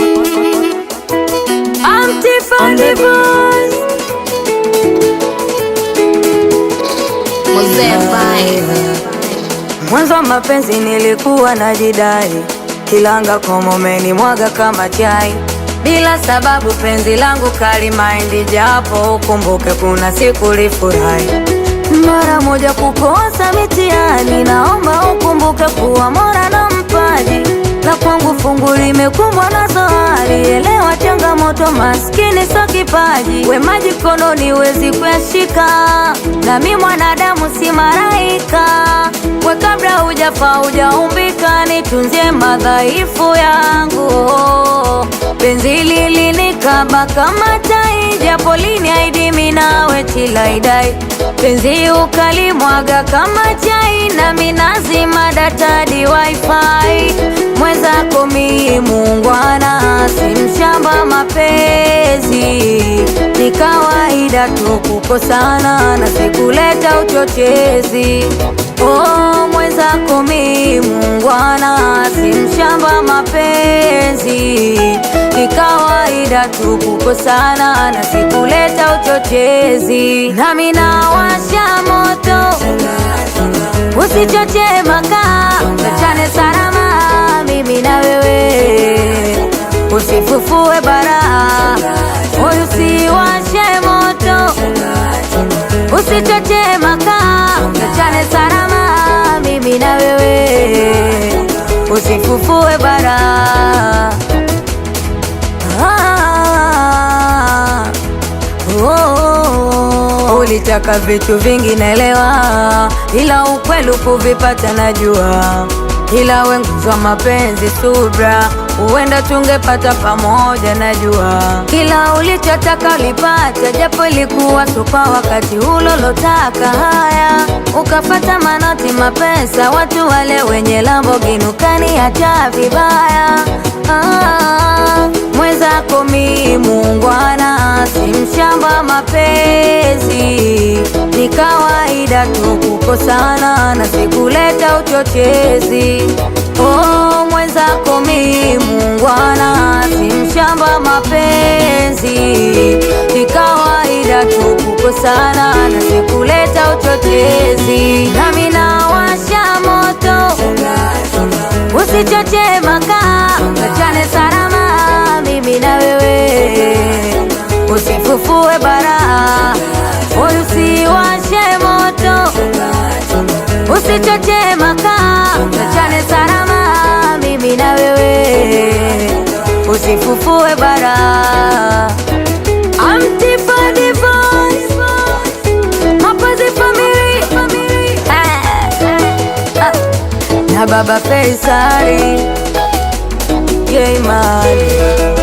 I'm Tiffany Mwanzo wa mapenzi nilikuwa najidai, kilanga komomeni mwaga kama chai bila sababu, penzi langu kali maindi, japo ukumbuke kuna siku lifurahi mara moja kukosa mitihani. Naomba ukumbuke kuwa mora na mpaji na kwangu fungu limeku moto, maskini so kipaji. We maji kononi wezi kuyashika, nami mwanadamu si malaika. We kabla hujafaa hujaumbika, nitunzie madhaifu yangu. Penzi lilikaba kama tai, japo liniahidi mimi nawe tilaidai. Penzi ukalimwaga kama chai, na nazima data wifi. Mwenzako mimi muungwana ni kawaida tu kukosana na sikuleta uchochezi. Oh, mwenzako mi mungwana, simshamba mapenzi. Ni kawaida tu kukosana na sikuleta uchochezi. Nami nawasha moto, usichoche makaa, tuachane salama mimi na wewe, usifufue tusichochee makaa, tuachane salama, mimi na wewe, usifufue bara ah. oh. Ulitaka vitu vingi naelewa, ila ukweli kuvipata najua, ila wenguzwa mapenzi subra huenda tungepata pamoja. Najua kila ulichotaka ulipata, japo ilikuwa tu kwa wakati ulolotaka. Haya, ukafata manoti, mapesa, watu wale wenye Lamborghini, ukaniacha vibaya. Ah, mwenzako mi muungwana, si mshamba mapenzi, ni kawaida tu kukosana na sikuleta uchochezi. Oh, mapenzi, muungwana si mshamba mapenzi. Ni kawaida tu kukosana na si kuleta uchochezi, nami nawasha moto, usichoche makaa, achane salama mimi na wewe, usifufue bara, usiwashe moto, Zifufue bara amtipa divorce mapenzi famili eh, eh, eh. na Baba Feisari yeimani